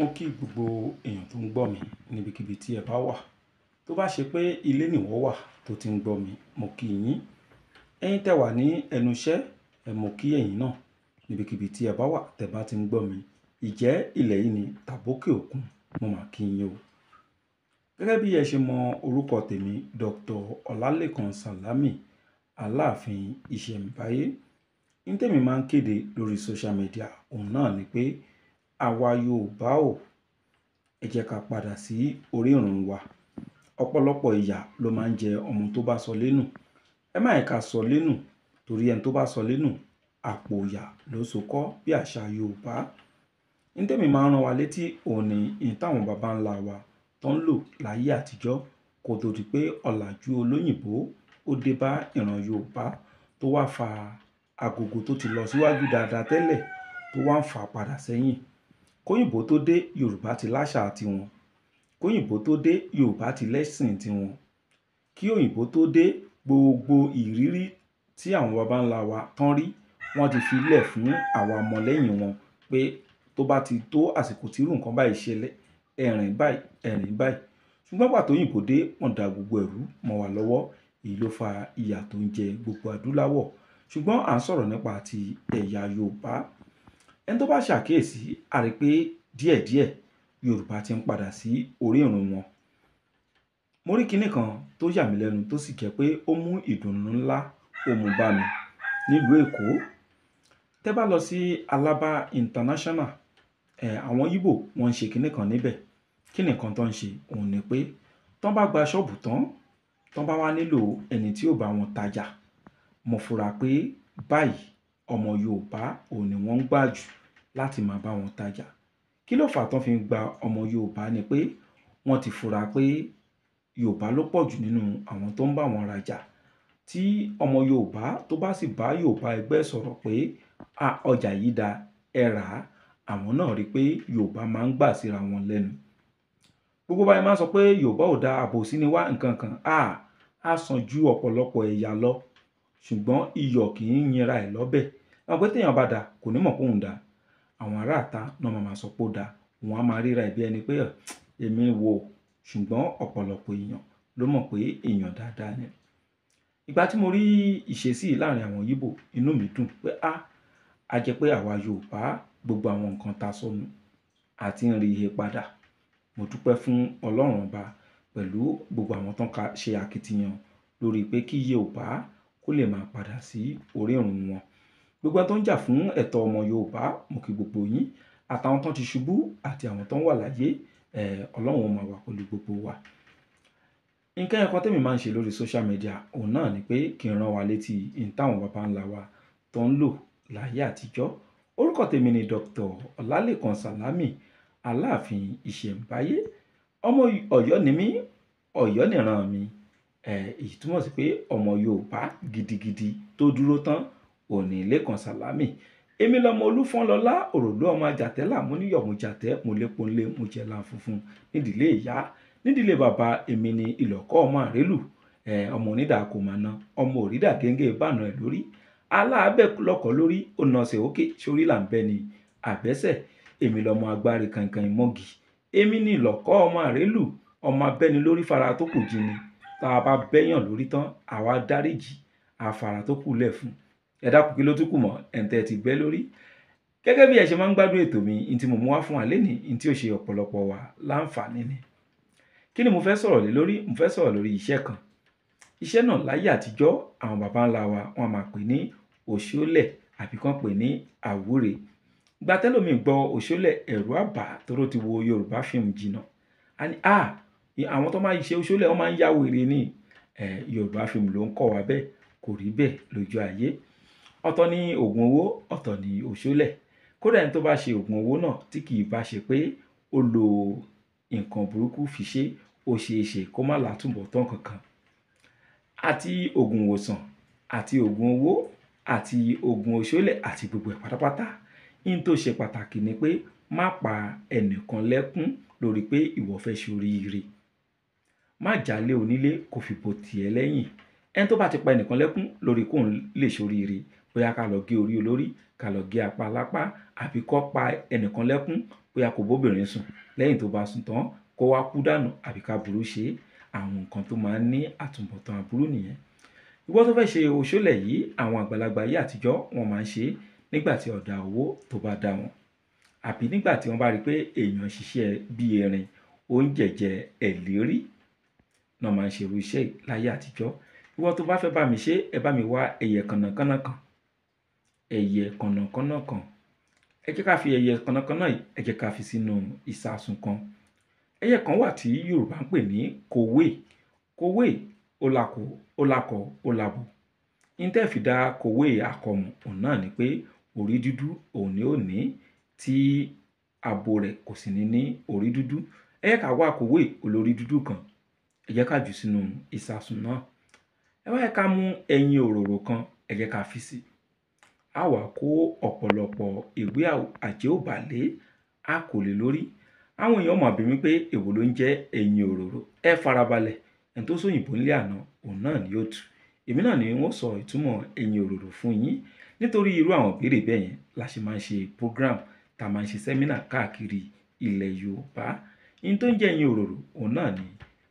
mo kí gbogbo èèyàn tó ń gbọ́ mi níbikíbi tí ẹ bá wà tó bá ṣe pé ilé nìwọ wà tó ti ń gbọ́ mi mo kí yín ẹ̀yin tẹ́ wà ní ẹnu iṣẹ́ ẹ mo kí ẹ̀yin náà níbikíbi tí ẹ bá wà tẹ́ bá ti ń gbọ́ mi ìjẹ́ ilẹ̀ yìí ni tàbókè òkun mo mà kí yín o gẹ́gẹ́ bí ẹ ṣe mọ orúkọ tèmi Dr. Ọlálékan Salami Aláàfin Ìṣẹ̀ǹbáyé ní tèmi máa ń kéde lórí social media òun náà ni pé àwa yorùbá o ẹ jẹ́ ká padà sí orírun wa ọ̀pọ̀lọpọ̀ ìyà ló máa ń jẹ ọmọ tó bá sọ lẹ́nu ẹ má ẹ̀ka sọ lẹ́nu torí ẹni tó bá sọ lẹ́nu àpò ìyà ló so kọ́ bí àṣà yorùbá ní tèmi máa ń rán wa létí òní ní táwọn baba ńlá wa tó ń lò láyé àtijọ́ kó tó di pé ọ̀làjú olóyìnbó ó dé bá ìran yorùbá tó wá fa agogo tó ti lọ síwájú dáadáa tẹ́lẹ̀ tó wá ń fà padà sẹ́yìn kóyìnbó tó dé yorùbá ti láṣà tiwọn kóyìnbó tó dé yorùbá ti lẹ́sìn tiwọn kí òyìnbó tó dé gbogbo ìrírí tí àwọn baba ńlá wa tán rí wọ́n ti fi lẹ̀ fún àwa ọmọlẹ́yìn wọn pé tó bá ti tó àsìkò tí irú nǹkan báyìí ṣẹlẹ̀ ẹ̀rìn báyìí ẹ̀rìn báyìí ṣùgbọ́n pàtó òyìnbó dé wọ́n da gbogbo ẹ̀rú mọ́ wa lọ́wọ́ èyí ló fa ìyà tó ń jẹ gbogbo adúláwọ̀ ṣùgbọ́n à ń sọ̀rọ̀ nípa ti ẹ̀yà yorùbá ẹni tó bá ṣàkíyèsí á rí i pé díẹ̀díẹ̀ yorùbá ti ń padà sí orírun wọn mo rí kinní kan tó yà mí lẹ́nu tó sì jẹ́ pé ó mú ìdùnnú ńlá ó bá mi nílùú èkó tẹ́ bá lọ sí alaba international ẹ̀ àwọn yíbò wọ́n ń ṣe kinní kan níbẹ̀ kinní kan tó ń ṣe òun ni pé tán bá gba ṣọ́ọ̀bù tán tán bá wá nílò ẹni tí ó bá wọn tajà mo fura pé báyìí ọmọ yorùbá òun ni wọ́n gbà jù láti máa bá wọn tajà kí ló fà tán fi ń gba ọmọ yorùbá ni pé wọ́n ti fura pé yorùbá ló pọ̀ jù nínú àwọn tó ń bá wọn rajà tí ọmọ yorùbá tó bá sì bá yorùbá ẹgbẹ́ sọ̀rọ̀ pé ọjà yìí da ẹ rà á àwọn náà rí i pé yorùbá máa ń gbà síra wọn lẹ́nu gbogbo báyìí máa sọ pé yorùbá ò da àbòsí ni wá nǹkan kan a á sàn ju ọ̀pọ̀lọpọ̀ ẹ̀yà lọ ṣùgbọ́n iyọ̀ kì í yinra ẹ̀ lọ́bẹ̀ àwọn pé téèyàn bá da kò ní mọ̀ pé da àwọn aráàta náà máa sọ pé ó dáa wọn á máa ríra ìbí ẹni pé èmi wo ṣùgbọ́n ọ̀pọ̀lọpọ̀ èèyàn ló mọ̀ pé èèyàn dáadáa ni ìgbà tí mo rí ìṣesí láàrin àwọn yíbò inú mi dùn pé a a jẹ pé àwa yorùbá gbogbo àwọn nǹkan ta sọnù àti ń rí ihe padà mo dúpẹ́ fún ọlọ́run ọba pẹ̀lú gbogbo àwọn tó ń ṣe akitiyan lórí pé kí yorùbá kó lè máa padà sí orírun wọn gbogbo ẹni tó ń jà fún ẹ̀tọ́ ọmọ yorùbá mo kí gbogbo yín àtàwọn tó ti ṣubú àti àwọn tó ń wà láyé ọlọ́run ó máa pẹ̀lú gbogbo wa nǹkan ẹ̀kọ́ tèmi máa ń ṣe lórí social media òun náà ni pé kí n rán wa létí ìtàwọn baba ńlá wa tó ń lò láyé àtijọ́ orúkọ tèmi ni Dr. Ọlálékan Sàlámì aláàfin ìṣẹ̀ǹbáyé ọmọ ọ̀yọ́ ni mí ọ̀yọ́ nìran mi èyí túmọ̀ sí pé ọmọ yorùbá gidigidi tó dúró tán òní lẹ́kàn sàlámì èmi lọmọ olúfọ́nlọ́lá òròlú ọmọ ajàtẹ́là mo níyọ̀ mo jàtẹ́ mo lépo ńlé mo jẹ́ lan funfun nídìílé ìyá nídìílé bàbá èmi ni ìlọ́kọ́ ọmọ àrélù ọmọ onídà kò mà ná ọmọ òrídà gẹ́gẹ́ ìbànú ẹ̀ lórí aláàbẹ̀ lọ́kọ̀ lórí ònàṣẹ́ òkè sórí là ń bẹ ni àbẹ́sẹ̀ èmi lọmọ agbárí kankan ìmọ̀gì èmi ni ìlọ́kọ́ ọmọ àrélù ọmọ abẹ́ni lórí fara tó kù jini tá a bá bẹ́yàn lórí tán àwa dáríjì àfàrà tó kù lẹ̀ fún un ẹ dákun kí ló tún kù mọ́ ẹ̀ǹtẹ́ ti bẹ́ lórí gẹ́gẹ́ bí ẹ ṣe máa ń gbádùn ètò mi ní tí mo mú wá fún wa lénìí ní tí ó ṣe ọ̀pọ̀lọpọ̀ wa láǹfààní ni kí ni mo fẹ́ sọ̀rọ̀ lé lórí mo fẹ́ sọ̀rọ̀ lórí iṣẹ́ kan iṣẹ́ náà láyé àtijọ́ àwọn baba ńlá wa wọn máa pè ní òṣólẹ̀ àbí kan pè ní àwúre gba tẹ́lómi gbọ́ òṣólẹ̀ ẹ̀rù àbá tóró ti wo Yorùbá fíìmù jìnnà a ní a àwọn tó máa ṣe òṣólẹ̀ wọn máa ń yá ní Yorùbá fíìmù ló ń kọ́ wa bẹ́ẹ̀ kò rí bẹ́ẹ̀ lójú ayé ọ̀tọ̀ ni oògùn owó ọ̀tọ̀ ni òṣòlẹ̀ kódà ẹni tó bá ṣe oògùn owó náà tí kì í bá ṣe pé ó lo nǹkan burúkú fi ṣe ó ṣeé ṣe kó má látúbọ̀ tán kankan àti oògùn ìwòsàn àti oògùn owó àti oògùn òṣòlẹ̀ àti gbogbo ẹ̀ pátápátá ní tó ṣe pàtàkì ni pé má pa ẹnìkan lẹ́kún lórí pé ìwọ fẹ́ ṣe oríire má jálé onílé kó fi bò tiẹ̀ lẹ́yìn ẹni tó bá ti pa ẹnìkan lẹ́kún lórí kóun lè ṣoríire bóyá ká lọ gé orí olórí ká lọ gé apá lápá àbí kó pa ẹnìkan lẹ́kún bóyá kò bóbìnrin sùn lẹ́yìn tó bá sùn tán kó wá kú dànù àbí ká burú ṣe àwọn nǹkan tó máa ń ní àtúbọ̀tán aburú nìyẹn ìwọ tó fẹ́ ṣe òṣòlẹ̀ yìí àwọn àgbàlagbà ayé àtijọ́ wọn máa ń ṣe nígbà tí ọ̀dà owó tó bá dá wọn àbí nígbà tí wọ́n bá rí i pé èèyàn ṣiṣẹ́ bíi erin oúnjẹ jẹ ẹ̀lérí náà máa ń ṣerú iṣẹ́ láyé àtijọ́ ìwọ tó bá fẹ́ bá mi ṣe ẹ bá mi wá ẹyẹ kànnàkànnà kan ẹyẹ kànnàkànnà kan ẹ jẹ́ ká fi ẹyẹ kànnàkànnà yìí ẹ jẹ́ ká fi sínú ìsasùn kan ẹyẹ kan wà tí Yorùbá ń pè ní kòwé kòwé olàkọ olàkọ olàbò intẹ́ fi dá kòwé àkọmù òun náà ni pé orí dúdú òun ni ó ní tí abo rẹ̀ kò sì ní ní orí dúdú ẹyẹ ká wá kòwé olórí dúdú kan ẹ jẹ́ ká jù sínú ìsasùn náà wá yẹ ká mú ẹyin òróró kan ẹ jẹ́ ká fi sí a wá kó ọ̀pọ̀lọpọ̀ ìwé àjẹ́òbálé a kò lè lórí àwọn èèyàn mọ̀ bí mi pé èwo ló ń jẹ́ ẹyin òróró ẹ farabalẹ̀ ẹni tó sóyìnbó nílé àná òun náà ni yóò tù èmi náà ni wọ́n sọ ìtumọ̀ ẹyin òróró fún yín nítorí irú àwọn ìbéèrè bẹ́ẹ̀ yẹn la ṣe máa ń ṣe program tá a máa ń ṣe sẹ́mínà káàkiri ilẹ̀ yorùbá yín tó ń jẹ́ ẹyin òróró òun náà ni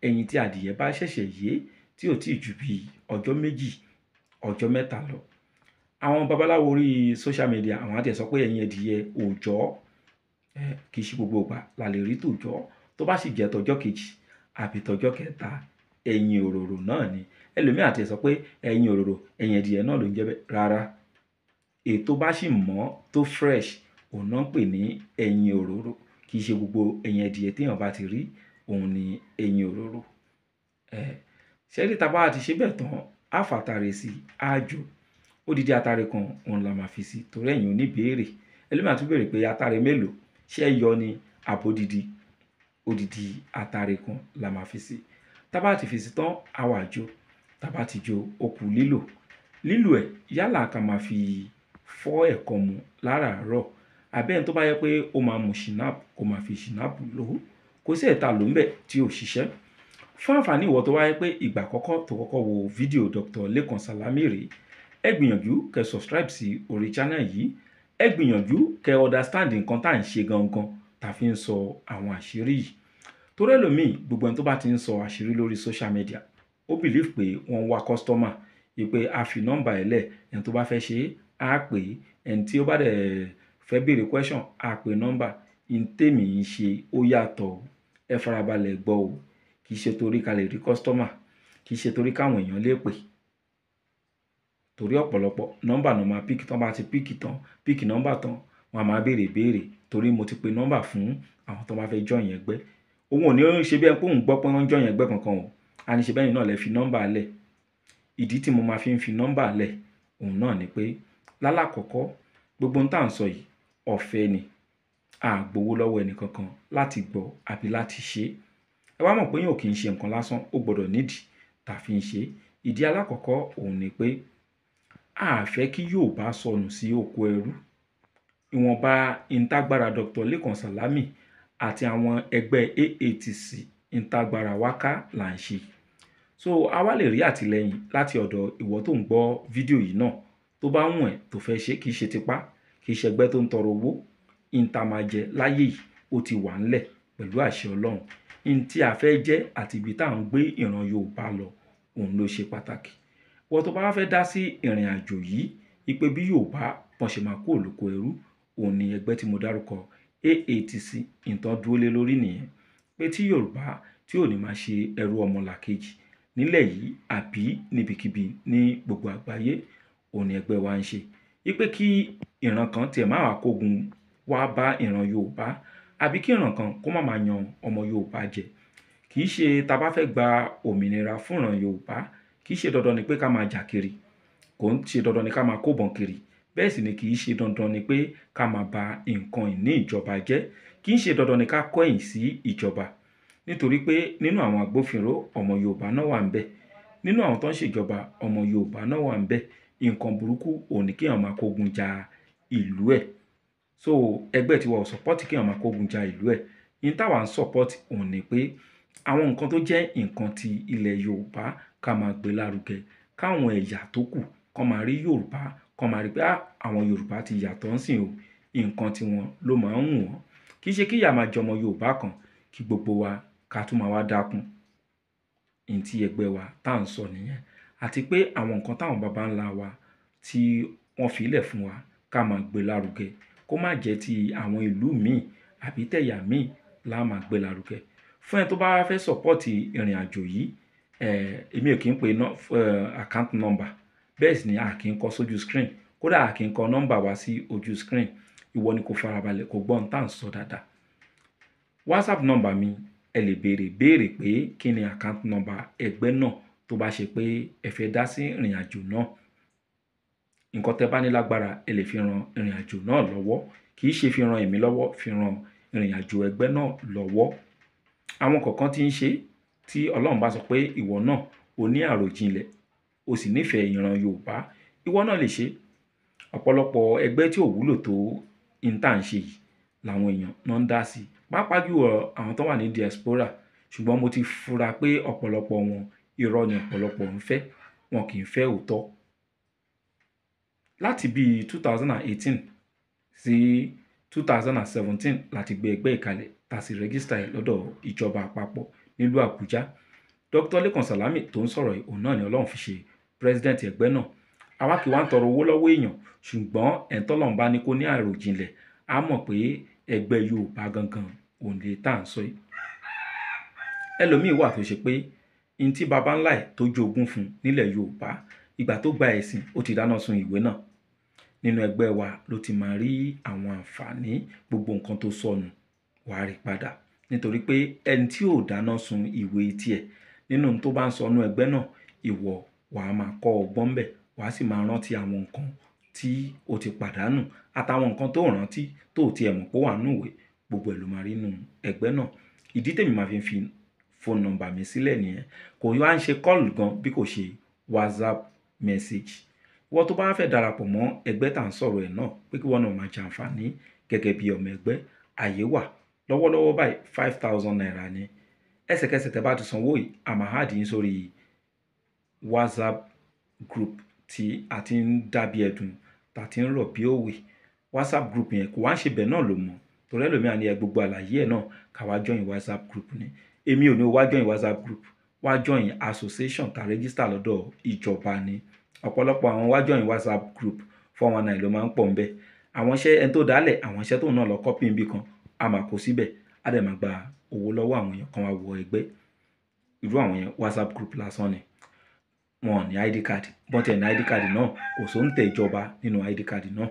ẹyin tí adìyẹ bá ṣẹ̀ṣẹ̀ yé tí ò tí ì ju bí ọjọ́ méjì ọjọ́ mẹ́ta lọ àwọn babaláwo orí social media àwọn àti ẹ̀ sọ pé ẹ̀yin ẹ̀dìyẹ òòjọ́ kì í ṣe gbogbo ìgbà la lè rí tòòjọ́ tó bá sì jẹ́ tọjọ́ kejì àbí tọjọ́ kẹta ẹ̀yin òróró náà ni ẹlòmíì àti ẹ̀ sọ pé ẹ̀yin òróró ẹ̀yin ẹ̀dìyẹ náà ló ń jẹ́ rárá ètò bá sì mọ́ tó fresh òun náà ń pè ní ẹ̀yin òróró kì í ṣe gbogbo ẹ̀yin ẹ̀dìyẹ téèyàn bá ti rí òun ni ẹ̀yin òróró. Eh, ṣẹ́rí tá a bá ti ṣe bẹ́ẹ̀ tán á fàtàrẹ̀ sí á jò ó dídí atare kan òun la máa fi sí torí ẹ̀yìn oníbèérè ẹlẹ́mìí àti béèrè pé atare mélòó ṣé yọ ni àbódìdí odidi atare kan la máa fi sí tá a bá fi sí tán á wá jò tá a bá ti jò ó kù lílò lílò ẹ̀ yálà ká máa fi fọ́ ẹ̀kọ mu láràárọ̀ àbẹ́yẹn tó bá yẹ pé ó máa mu ṣìnáàpù kó máa fi ṣìnáàpù lò ó kò sí ẹ̀ta ló bẹ̀ tí ò ṣiṣẹ́ fún àǹfààní ìwọ tó wáyé pé ìgbà àkọ́kọ́ tó kọ́kọ́ wo fídíò Dr. Lekan Salami ẹ gbìyànjú kẹ́ subscribe sí orí channel yìí ẹ gbìyànjú kẹ́ understand nǹkan tá à ń ṣe gangan tá a fi ń sọ àwọn àṣírí yìí torí ẹlòmíì gbogbo ẹni tó bá ti ń sọ àṣírí lórí social media ó believe pé wọ́n ń wá customer ìpè a fi nọ́mbà ẹ̀ lẹ̀ ẹni tó bá fẹ́ ṣe é á pè é ẹni tí ó bá dẹ̀ fẹ́ béèrè question á pè nọ́mbà ìtẹ̀mí ń ṣe ó yàtọ̀ ẹ farabalẹ̀ gbọ́ o kì í ṣe torí ká lè rí kọ́sítọ́mà kì í ṣe torí káwọn èèyàn lè pè torí ọ̀pọ̀lọpọ̀ nọ́mbà náà máa píkì tán bá ti píkì tán píkì nọ́mbà tán wọn a máa béèrè béèrè torí mo ti pe nọ́mbà fún àwọn tó bá fẹ́ jọyìn ẹgbẹ́ òun ò ní ṣe bí ẹ pé òun gbọ́ pé wọ́n ń jọyìn ẹgbẹ́ kankan o a ní ṣe bẹ́yìn náà lẹ fi nọ́mbà lẹ̀ ìdí tí mo máa fi ń fi nọ́mbà lẹ̀ òun náà ni pé lálàkọ́kọ́ gbogbo ohun tá à ń sọ yìí ọ̀fẹ́ ni a lọ́wọ́ ẹnìkankan láti gbọ́ àbí láti ṣe é ẹ wá mọ̀ pé yàn kì í ṣe nǹkan lásán ó gbọ́dọ̀ nídìí tá a fi ń ṣe ìdí alákọ̀ọ́kọ́ òun ni pé a fẹ́ kí Yorùbá sọnù sí oko ẹrú ìwọ̀nba ìntagbára Dr. Lẹ́kan Sàlámì àti àwọn ẹgbẹ́ AATC ìntagbára wáká là ń ṣe so a wá lè rí àtìlẹ́yìn láti ọ̀dọ̀ ìwọ tó ń gbọ́ fídíò yìí náà tó bá wùn ẹ́ tó fẹ́ ṣe kì í ṣe tipá kì í ṣẹgbẹ́ tó ń tọrọ owó ìntàmàjẹ láyé yìí ó ti wà ńlẹ̀ pẹ̀lú àṣẹ Ọlọ́run n tí a fẹ́ jẹ́ àti ibi tá à ń gbé ìran Yorùbá lọ òun ló ṣe pàtàkì wọ́n tó bá wá fẹ́ dá sí ìrìn àjò yìí ipe bí Yorùbá bọ́n ṣe máa kó òlóko ẹrú òun ni ẹgbẹ́ tí mo dárúkọ AATC nǹkan dúró lórí nìyẹn pé tí Yorùbá tí ò ní máa ṣe ẹrú ọmọlàkejì nílẹ̀ yìí àbí níbikíbi ní gbogbo àgbáyé òun ni ẹgbẹ́ wa ń ṣe ipe kí ìran kan tiẹ̀ máa wá kógun wá bá ìran Yorùbá àbí kí ìran kan kó má máa yan ọmọ Yorùbá jẹ kì í ṣe tá a bá fẹ́ gba òmìnira fúnran Yorùbá kì í ṣe dandan ni pé ká máa jà kiri kò ń ṣe dandan ni ká máa kóbọn kiri bẹ́ẹ̀ sì ni kì í ṣe dandan ni pé ká máa ba nǹkan ìní ìjọba jẹ́ kì í ṣe dandan ni ká kọ̀yìn sí ìjọba nítorí pé nínú àwọn agbófinró ọmọ Yorùbá náà wà ń bẹ̀ nínú àwọn tó ń ṣèjọba ọmọ Yorùbá náà wà ń bẹ̀ nǹkan burúkú òní kéèyàn máa kógun ja ìlú ẹ̀ so ẹgbẹ́ tiwa ò support kí ọmọ akógun ja ìlú ẹ̀ yín táwa support òun ni pé àwọn nǹkan tó jẹ́ nǹkan ti ilẹ̀ yorùbá ká máa gbé lárugẹ káwọn ẹ̀yà tó kù kọ́ máa rí yorùbá kọ́ máa rí pé ah, àwọn yorùbá ti yàtọ̀ ń o nǹkan tiwọn ló máa ń wù kì í ṣe kíyà máa jọmọ yorùbá kan kí gbogbo wa ká tún máa wá dákun ní ti ẹgbẹ́ wa tá à ń sọ nìyẹn àti pé àwọn nǹkan táwọn baba ńlá wa tí wọ́n fi ilẹ̀ fún wa ká máa gbé lárugẹ kó má jẹ́ ti àwọn ìlú míì àbí tẹ̀yà míì la máa gbé lárugẹ fún ẹni tó bá fẹ́ sọ̀pọ́ọ̀tì ìrìn àjò yìí èmi ò kí ń pe account number bẹ́ẹ̀ sì ni a kì í kọ sójú screen kódà a kì í kọ nọ́mbà wá sí ojú screen ìwọ ni kò farabalẹ̀ kò gbọ́n tá à ń sọ dáadáa whatsapp number mi ẹ lè béèrè béèrè pé kí ni account number ẹgbẹ́ náà tó bá ṣe pé ẹ fẹ́ dá sí ìrìn àjò náà nǹkan tẹ́ bá ní lágbára ẹ lè fi ran ìrìn àjò náà lọ́wọ́ kì í ṣe fi ran èmi lọ́wọ́ fi ran ìrìn àjò ẹgbẹ́ náà lọ́wọ́ àwọn kọ̀ọ̀kan ti ń ṣe tí ọlọ́run bá sọ pé ìwọ náà o ní àròjinlẹ̀ o sì nífẹ̀ẹ́ ìran yorùbá ìwọ náà lè ṣe ọ̀pọ̀lọpọ̀ ẹgbẹ́ tí ò wúlò tó ìntà ń ṣe yìí làwọn èèyàn náà ń dá sí pàápàá jù àwọn tó wà ní diaspora ṣùgbọ́n mo ti fura pé ọ̀pọ̀lọpọ̀ wọn irọ́ ni ọ̀pọ̀lọpọ̀ ń fẹ́ wọn kì í fẹ́ òótọ́ láti bíi 2018, thousand and eighteen sí two thousand and seventeen láti gbé ẹgbẹ́ ìkalẹ̀ tá a sì rẹ́gísítà ẹ̀ lọ́dọ̀ ìjọba àpapọ̀ nílùú àbújá dr lẹ́kàn sàlámì tó ń sọ̀rọ̀ yìí òun náà ni ọlọ́run fi ṣe pírẹ́sidẹ́ǹtì ẹgbẹ́ náà àwa kì wá ń tọrọ owó lọ́wọ́ èèyàn ṣùgbọ́n ẹ̀ńtọ́lọ́run bá ní kó ní àròjinlẹ̀ á mọ̀ pé ẹgbẹ́ yorùbá gangan òun lè tá ń sọ yìí ẹlòmíín wà tó ṣe pé ntí baba ńlá tó jogún fún nílẹ̀ yorùbá ìgbà tó gba ẹ̀sìn ó ti dáná sun ìwé náà nínú ẹgbẹ́ wa ló ti máa rí àwọn àǹfààní gbogbo nǹkan tó sọnù wàá rí padà nítorí pé ẹni tí ò dáná sun ìwé tiẹ̀ nínú tó bá ń sọnù ẹgbẹ́ náà ìwọ wàá máa kọ́ ọgbọ́n bẹ̀ wàá sì máa rántí àwọn nǹkan tí o ti pàdánù àtàwọn nǹkan tó rántí tó tiẹ̀ mọ̀ pé wà núwèé gbogbo ẹ̀ ló máa rí nínú ẹgbẹ́ náà ìdí tèmi máa fi fi fóònù nọ́mbà mi sílẹ̀ nìyẹn kò yọ à ń ṣe kọ́ọ̀lù gan bí kò ṣe whatsapp message wọ́n tó bá fẹ́ darapọ̀ mọ́ ẹgbẹ́ tá à ń sọ̀rọ̀ ẹ̀ náà pé kí wọ́n náà máa jàǹfààní gẹ́gẹ́ bí ọmọ ẹgbẹ́ àyè wà lọ́wọ́lọ́wọ́ báyìí five thousand naira ni ẹsẹ̀kẹsẹ̀ tẹ́ bá ti sanwó yìí àmàhádì yín sórí whatsapp group tí a ti ń dábìí ẹ̀dùn tá a ti ń rọ̀ bí òwe whatsapp group yẹn kò wá ń ṣe bẹ́ẹ̀ náà ló mọ̀ torí ẹlòmíà ni ẹ gbogbo àlàyé ẹ̀ náà káwá join whatsapp group ni èmi ò ní wá join whatsapp group wá join association tá a register lọ́dọ̀ ìjọba ni ọ̀pọ̀lọpọ̀ àwọn wá join whatsapp group four one nine ló máa ń pọ̀ ńbẹ̀ àwọn iṣẹ́ ẹni tó dálẹ̀ àwọn iṣẹ́ tóun náà lọ kọ́pì níbì kan a máa kó síbẹ̀ á dẹ̀ máa gba owó lọ́wọ́ àwọn èèyàn kan wá wọ ẹgbẹ́ irú àwọn yẹn whatsapp group lásán ni wọn ni id card bọ́n tẹ̀ ní id card náà kò sóńtẹ̀ ìjọba nínú id card náà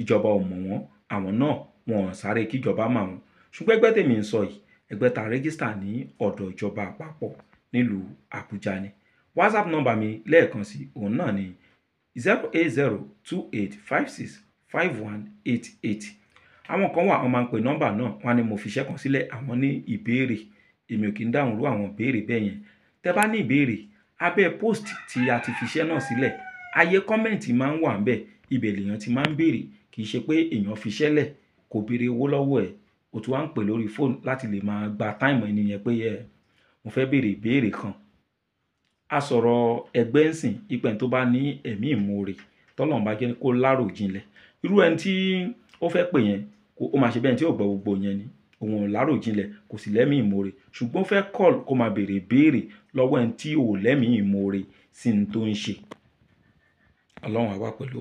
ìjọba ò mọ̀ wọ́n àwọn náà wọn ò sáré kíjọba mà wọ́n ṣùgbọ́n ẹgbẹ́ tèmi ń sọ yìí ẹgbẹ́ ta rẹ́gísítà ní ọ̀dọ̀ ìjọba àpapọ̀ nílùú Àbújá ni whatsapp nọ́mbà mi lẹ́ẹ̀kan sí òun náà ni zero eight zero two eight five six five one eight eight àwọn kan wà wọ́n máa ń pe nọ́mbà náà wọ́n á mo fi iṣẹ́ kan sílẹ̀ àwọn ní ìbéèrè èmi ò kì í dáhùn rú àwọn ìbéèrè bẹ́ẹ̀ yẹn tẹ́ bá ní ìbéèrè abẹ́ post tí a ti fi iṣẹ́ náà sílẹ̀ ayé kọ́mẹ̀ntì máa ń wà ń bẹ̀ ibẹ̀ lèèyàn ti máa ń béèrè kì í ṣe pé èèyàn fi iṣẹ́ lẹ̀ kò béèrè owó lọ́wọ́ ẹ̀ o tún wá ń pè lórí fóònù láti lè máa gba táìmù ẹni yẹn pé ẹ mo fẹ́ béèrè ìbéèrè kan a sọ̀rọ̀ ẹgbẹ́ ńsìn ipẹ̀ tó bá ní ẹ̀mí ìmoore tọ́lọ́run bá jẹ́ kó lárò jinlẹ̀ irú ẹni tí ó fẹ́ pè yẹn ó máa ṣe bẹ́ẹ̀ tí ò gbọ́ gbogbo yẹn ni òun ò lárò jinlẹ̀ kò sì lẹ́mí ìmoore ṣùgbọ́n fẹ́ call kó máa béèrè béèrè lọ́wọ́ ẹni tí ò lẹ́mí ìmoore sí ní tó ń ṣe ọlọ́run àwa pẹ̀lú